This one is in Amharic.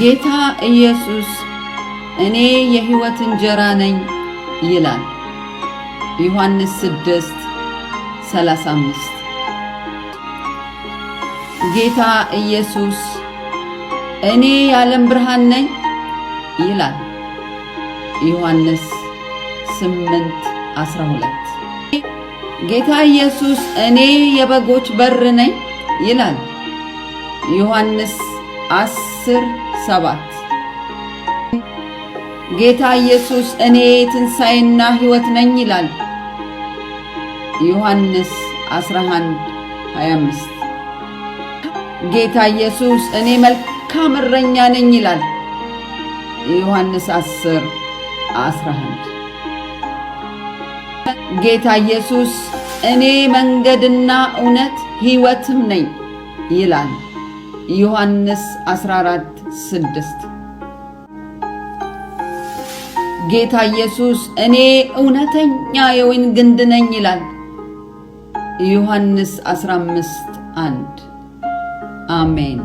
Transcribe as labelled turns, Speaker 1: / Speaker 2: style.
Speaker 1: ጌታ ኢየሱስ እኔ የሕይወት እንጀራ ነኝ ይላል። ዮሐንስ 6 35 ጌታ ኢየሱስ እኔ የዓለም ብርሃን ነኝ ይላል። ዮሐንስ 8 12 ጌታ ኢየሱስ እኔ የበጎች በር ነኝ ይላል። ዮሐንስ 10 ሰባት ጌታ ኢየሱስ እኔ ትንሣኤና ሕይወት ነኝ ይላል። ዮሐንስ 25 ጌታ ኢየሱስ እኔ መልካም እረኛ ነኝ ይላል። ዮሐንስ 11 ጌታ ኢየሱስ እኔ መንገድና እውነት ሕይወትም ነኝ ይላል። ዮሐንስ 14 6 ጌታ ኢየሱስ እኔ እውነተኛ የወይን ግንድ ነኝ ይላል። ዮሐንስ 15 1 አሜን።